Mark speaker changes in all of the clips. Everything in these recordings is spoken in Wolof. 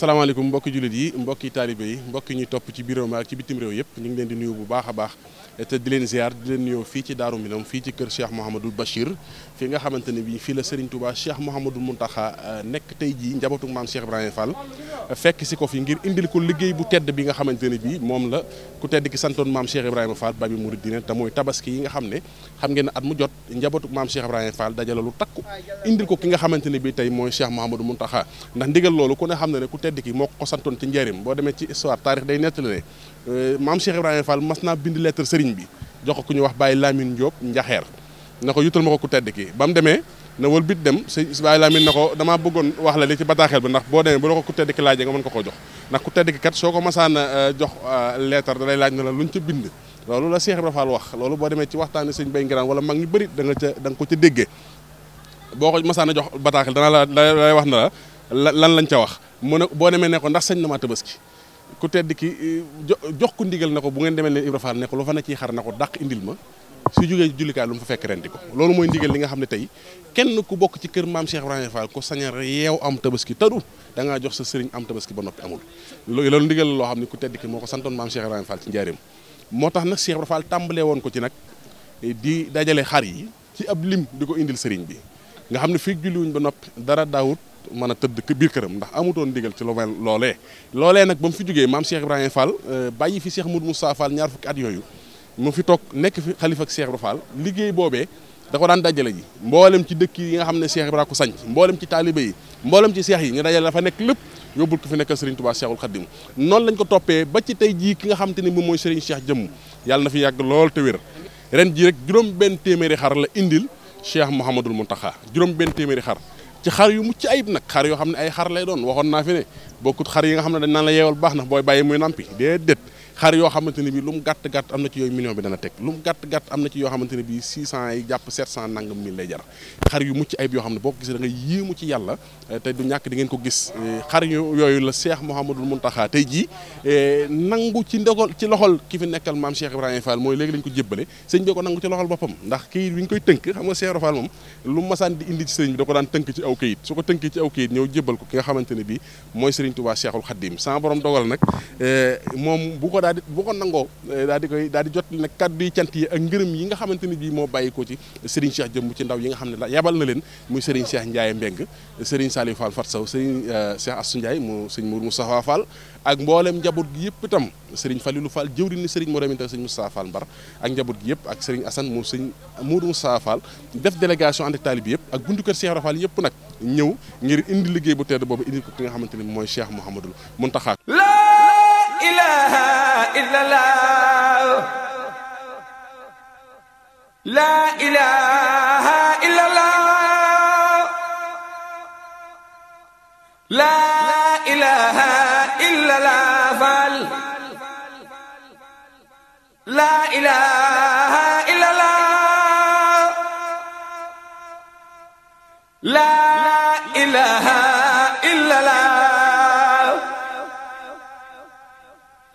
Speaker 1: salaamaaleykum mbokki jullit yi mbokki taalibe yi mbokki ñuy topp ci biiram ak ci bitim réew yëpp ñu ngi leen di nuyu bu baax a baax te di leen ziar di leen nuyoo fii ci Daaru Minam fii ci kër Cheikh Mouhamadul Bachir fii nga xamante ne bii fii la Serigne Touba Cheikh Mouhamadul Mountakha euh, nekk tey jii njabootu maam Cheikh Ibrahima Fall fekk si ko fi ngir indil liggéey bu tedd bi nga xamante ne bii moom la ku tedd ki santoon maam Cheikh Ibrahima Fall Babi Mouridine te mooy tabaski yi nga xam ne xam ngeen ne at mu jot njabootu maam Cheikh Ibrahima Fall dajale lu takku indil ko ki nga xamante ne bii tey mooy Cheikh Mouhamadul Mountakha ndax ndigal loolu ku ne xam ne ne ku tedd ki moo ko santoon ci njëriñ boo demee ci histoire taarix day nettali Euh, maam Cheikh Ibrahima Fall mas naa bind lettre sëriñ bi jox ko ku ñu wax Baye Lamine Diop njaxeer na ko yutal ma ko ku tedd ki ba mu demee na wal bit dem se Baye Lamine na ko damaa bëggoon wax la li ci bataaxel bi ndax boo demee bu la ko ku tedd ki laajee nga ko koo jox ndax ku tedd soo ko masaana euh, jox euh, lettre da laaj na la lu luñ ca bind loolu la Cheikh Ibrahima Fall wax loolu boo demee ci waxtaane sëñ Bay Ngiraan wala mag ñu bëri da nga ca da nga ko ca déggee boo ko masaana jox bataaxel dana la lay wax na la lan lañ ca wax mu ne boo demee ne ko ndax sëñ na maa tabaski ku tedd ki eh, jox ku ndigal na ko bu ngeen demee leen Ibra Fall ne lu fa ne ciy xar na ko dàq indil ma su jógee jullikaay lu mu fa fekk rendi ko loolu mooy ndigal li nga xam ne tey kenn ku bokk ci kër maam Cheikh Ibrahima Fall ko sañar yeew am tabaski tëdu da ngaa jox sa sëriñ am tabaski ba noppi amul loolu ndigal la loo xam ne ku tedd ki moo ko santoon maam Cheikh Ibrahima ci njaareem moo tax nag Cheikh Ibrahima Fall tàmbalee woon ko ci nag eh, di dajale xar yi ci ab lim di ko indil sëriñ bi nga xam ne fii julliwuñ ba noppi dara daawut mën a tëdd biir këram ndax amutoon ndigal ci lu mel loolee loolee nag ba mu fi jógee maam Cheikh Ibrahima Fall euh, bàyyi fi Cheikh Moudou Moussa Fall ñaar fukki at yooyu mu fi toog nekk fi xalifa ak Cheikh Ibrahima liggéey boobee dafa daan dajale ji mboolem ci dëkk yi nga xam ne Cheikh Ibrahima ko sañ mboolem ci taalibe yi mboolem ci seex yi nga dajale dafa nekk lépp yóbbul ko fi nekkal Serigne Touba Cheikhul Khadim noonu lañ ko toppee ba ci tey jii ki nga xam te ni moom mooy Serigne Cheikh jëmm yàlla na fi yàgg lool te wér ren jii rek juróom benn téeméeri xar la indil Cheikh Mouhamadul Mountakha juróom benn téeméeri xar ci xar yu mucc ayib nag xar yoo xam ne ay xar lay doon waxoon naa fi ne bokkut xar yi nga xam ne dañ naan la yeewal baax na booy bàyyi muy nampi déedéet xar yoo xamante ne bi lu mu gàtt gàtt am na ci yooyu million bi dana teg lu mu gàtt gàtt am na ci eh, eh, yooyu la eh, ki fi nekkal maam Cheikh Ibrahima Fall bi ko nangu bi ñu tënk ci aw kayit su ko tënkee ci aw kayit ñëw jébbal ko ki nga xamante bi mooy sëriñ Touba Cheikhul Khadim sama borom dogal nag moom daal di bu ko nangoo eh, daal di koy daal di jot nag kàddu yi cant yi ak ngërëm yi nga xamante ni bii moo bàyyi ko ci Serigne Cheikh jëmb ci ndaw yi nga xam ne la yebal na leen muy Serigne Cheikh Ndiaye Mbeng Serigne Saliou Fall Fat Sow Serigne eh, Cheikh Assou Ndiaye mu Serigne Mour Moustapha Fall ak mboolem njaboot yëpp itam Serigne Falilou Fall jëwriñ ni Serigne moo deminta Serigne Moustapha Fall Mbar ak njaboot gi yëpp ak Serigne Assane mu Serigne Mour Moustapha Fall def délégation ànd ak taalib yëpp ak buntu kër Cheikh Rafal yëpp nag ñëw ngir indi liggéey bu tedd indi ko ki nga xamante ni mooy Cheikh Mouhamadoul Mountakha
Speaker 2: ilaha illallah la ilaha illallah la ilaha illallah fal la ilaha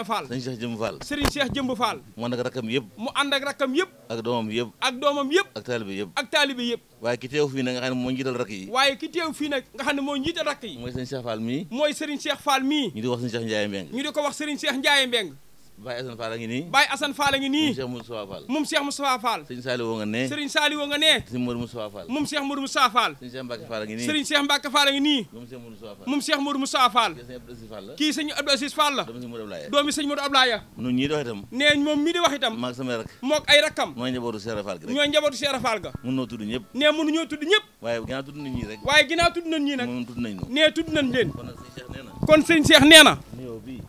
Speaker 3: Ibrahima Fall sëriñ Cheikh Jëmb Fall sëriñ Cheikh Jëmb Fall mu ànd rakkam yëpp mu ànd ak rakkam yëpp ak doomam yëpp ak doomam yëpp ak taalibe yëpp ak taalibe yëpp waaye ki teew fii nga xam ne moo njiital rakk waaye ki teew fii nag nga moo njiital rakk yi mooy sëriñ Cheikh Fall mii mooy sëriñ Cheikh Fall mii ñu di ko wax sëriñ Cheikh Ndiaye Mbeng Baye Assane Fall a ngi nii Baye Assane Fall a ngi nii moom Cheikh Moustapha Fall moom Cheikh Moustapha Fall Serigne Saliou woo nga ne Serigne Saliou woo nga ne Serigne Modou ngi nii Serigne Cheikh Mbacke Fall a ngi nii moom Cheikh Modou Moustapha Fall moom Cheikh kii Serigne Abdou Aziz doomi Serigne Modou Ablaye nee mun noo ñoo tudd ñëpp waaye ginnaaw tudd nañ ñii nag kon Serigne Cheikh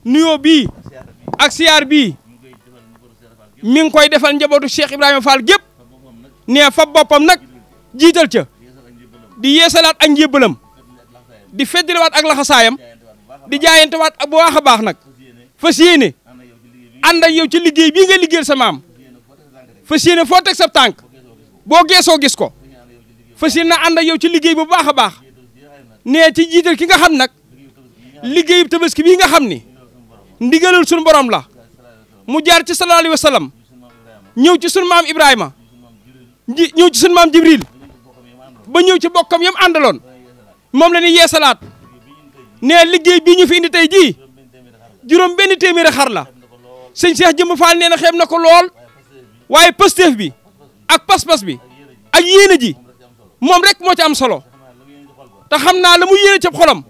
Speaker 3: nee ak siyaar bii mi koy defal njabootu Cheikh Ibrahima Fall gépp nee fa boppam nag jiital ca di yeesalaat ak njébbalam di feddliwaat ak laxasaayam di jaayantewaat bu baax a baax nag fas yéene ànd ak yow ci liggéey bii nga liggéeyal sa maam fas yéene foo teg sa tànk boo geesoo gis ko fas yéene ànd ak yow ci liggéey bu baax a baax nee ci jiital ki nga xam nag liggéeyu tabaski bii nga xam ni. ndigalul suñu borom la mu jaar ci sallallahu alayhi ñëw ci sunu maam Ibrahima ji ñëw ci sunu maam Jibril ba ñëw ci bokkam yam àndaloon moom la ñuy yeesalaat nee liggéey bii ñu fi indi tey jii juróom benn téeméeri xar la sëñ Cheikh Jëmb Fall nee na xeeb na ko lool waaye pasteef bi ak pas-pas bi ak yéene ji moom rek moo ci am solo te xam naa la mu yéene ci xolam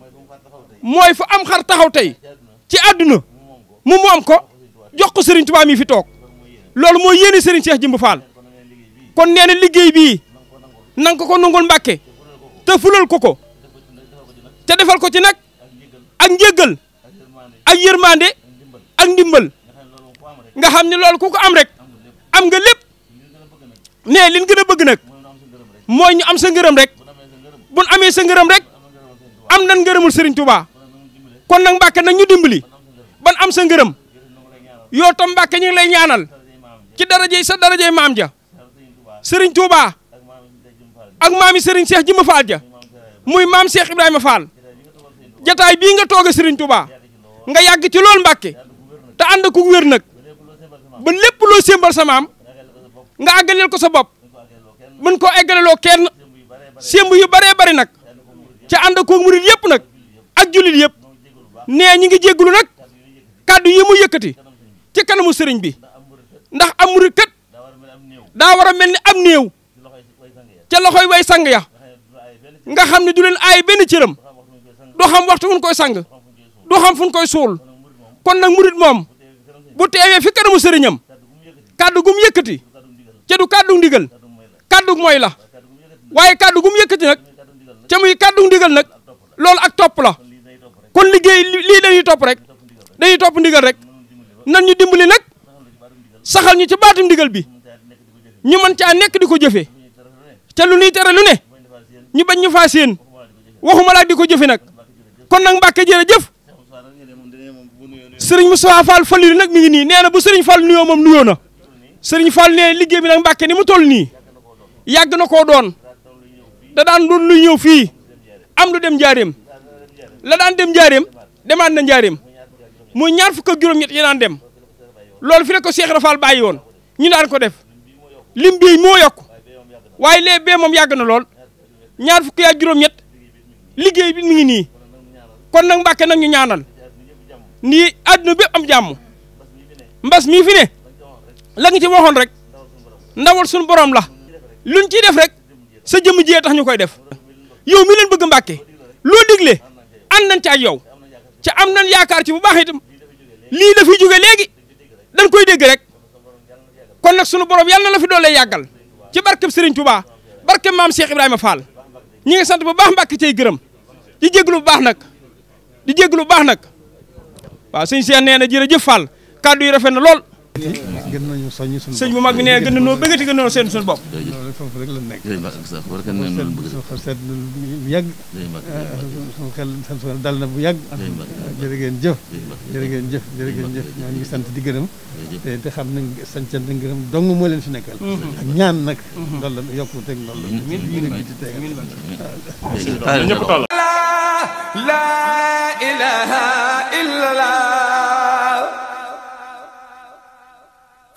Speaker 3: mooy fu am xar taxaw tey ci àdduna mu moom ko jox ko Serigne Touba mi fi toog loolu mooy yéene Serigne Cheikh Jimb Fall kon nee na liggéey bii nan ko ko nungul Mbàkke te ko ko te defal ko ci nag ak njéggal ak yërmande ak ndimbal nga xam ne loolu ko ko am rek am nga lépp nee li ñu gën a bëgg nag mooy ñu am sa ngërëm rek bu ñu amee sa ngërëm rek am nan ngërëmul Serigne Touba kon nag Mbàkke nag ñu dimbali. ban am sa ngërëm yow tam Mbàkke ñu lay ñaanal ci darajey sa darajey maam ja sëriñ Touba ak maami sëriñ Cheikh Jimba Fall ja muy maam Cheikh Ibrahima Fall jataay bii nga toog a sëriñ Touba nga yàgg ci lool Mbàkke te ànd ku wér nag ba lépp loo sémbal sa maam nga àggaleel ko sa bopp mën koo eggaleloo kenn sémb yu baree bari nag ca ànd ak murit yëpp nag ak jullit yëpp nee ñi ngi jéggulu nag kàddu yi mu yëkkati ci kanamu sëriñ bi ndax am murit kat daa war a mel ni am néew ca loxoy way sang ya nga xam ne du leen aay benn cëram doo xam waxtu fu ñu koy sang doo xam fu ñu koy suul kon nag murit moom bu teewee fi kanamu sëriñam kàddu gum yëkkati ca du kàddu ndigal kàddu mooy la waaye kàddu gum yëkkati nag ca muy kàddu ndigal nag loolu ak topp la kon liggéey lii dañuy topp rek dañuy topp ndigal rek nan ñu dimbali nag saxal ñu ci baatum ndigal bi ñu mën caa nekk di ko jëfe te lu nuy tere lu ne ñu bañ ñu faa séen waxuma laa di ko jëfe nag kon nag Mbàkke jërëjëf sëriñ Moustapha Fall Falilou nag mi ngi nii nee na bu sëriñ Fall nuyoo moom nuyoo na sëriñ Fall nee liggéey bi nag Mbàkke ni mu toll nii yàgg na koo doon da daan doon luy ñëw fii am lu dem njaareem la daan dem njaareem demaat na njaareem mooy ñaar fukk ak juróom-ñett yi dem loolu fi la ko Cheikh Rafal bàyyi woon ñu daan ko def lim bii moo yokk waaye lee bee moom yàgg na lool ñaar fukk ak juróom-ñett liggéey bi mi ngi nii kon nag mbakke nag ñu ñaanal nii àdduna bépp am jàmm mbas mii fi ne la waxoon rek ndawal suñu borom la luñ ciy def rek sa jëmm jiyee tax ñu koy def yow mi leen bëgg Mbàkke loo digle ànd nañ ci yow ca am nan yaakaar ci bu baax itam lii dafiy jóge léegi dañ koy dégg rek kon nag sunu borom yàlla na la fi doolee yàggal ci barke barkeb Serigne Touba barkeb maam Cheikh Ibrahima Fall ñi ngi sant bu baax mbàkk cay gërëm di jéglu bu baax nag di jéglu bu baax nag waaw sëñ Cheikh nee na jërëjëf Fall kàddu yi rafet na lool. gën nañu soññ suñu bopp sëñ bu mag bi nee gën nañoo bëggati suñu bopp. jërëjëf foofu rek la nekk. suñu xel seet bu yàgg. suñu xel seen xel dal na bu yàgg. jërë ngeen jëf. jërë jëf ñoo ngi sant di gërëm. te te xam nañ sant di gërëm moo leen fi nekkal. ak ñaan nag. loolu la yokku teg loolu la. mi ngi mi ngi teg ñëpp toll. la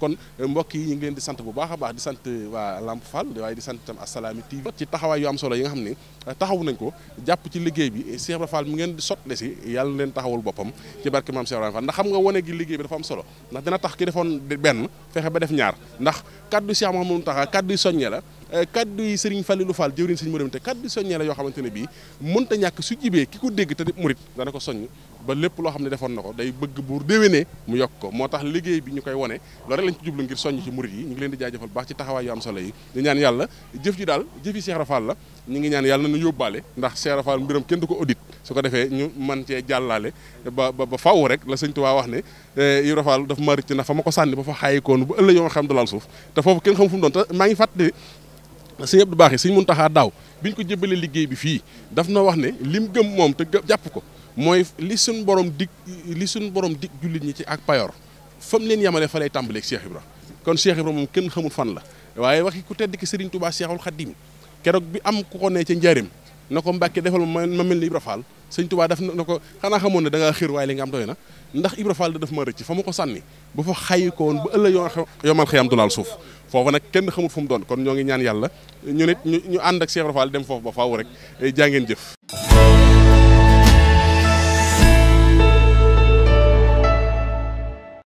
Speaker 1: kon euh, mbokk yi ñu ngi leen di sant bu baax a baax di sant euh, waa Lamp Fall waaye di sant itam Assalaamy TV ci taxawaay yu am solo yi nga xam ni euh, taxaw nañ ko jàpp ci liggéey bi Cheikh Ibra Fall mi ngeen di sotle si yàlla leen taxawul boppam ci barke maam Cheikh Ibra Fall ndax xam nga wane gi liggéey bi dafa am solo ndax dina tax ki defoon benn fexe ba def ñaar ndax kaddu Cheikh Mouhamadou Mountakha kaddu soññe la Euh, kaddu yi sëriñ Fallilou Fall jëwriñ sëriñ Modou te kaddu soññee la yoo xamante ne bii mënta ñàkk su jibee ki ko dégg te di murit dana ko soññ ba lépp loo xam ne defoon na ko bi ñu koy wone loolu rek lañ ci soññ di jaajëfal baax ci taxawaay yu am solo yi di ñaan yàlla jëf ji daal jëfi Cheikh na ñu yóbbaale ndax Cheikh ko audit su ko defee ñu man cee jàllaale ba la sëñ Tuubaa wax ne eh, Ibra ma rëcc na fa ma ko sànni ba fa xaayikoon bu ëllëg xam du suuf te foofu kenn xam fu doon te maa ngi fàtte sëñ Abdou Baax yi mun Muntaxa daaw biñ ko jëbalee liggéey bi fii daf na wax ne lim gëm moom te jàpp ko mooy li suñ borom dig li suñ borom dig jullit ñi ci ak payor fam leen yemale fa lay tàmbaleeg Cheikh Ibra kon Cheikh Ibra moom kenn xamul fan la waaye waxi ku tedd ki Serigne Touba Cheikhul Khadim keroog bi am ku ko ne ca njaarim na ko Mbàkke defal ma ma mel ni Ibra Fall sëñ Touba def na ko xanaa xamoon ne da ngaa xir waaye li nga am doy na ndax Ibra Fall da def ma rëcc fa ma ko sànni bu fa xayi ko woon ba ëllëg yoo yomal xëyam laal suuf foofa nag kenn xamul fu mu doon kon ñoo ngi ñaan yàlla ñu nit ñu ànd ak Cheikh Rafal dem foofu ba faaw rek jaa ngeen jëf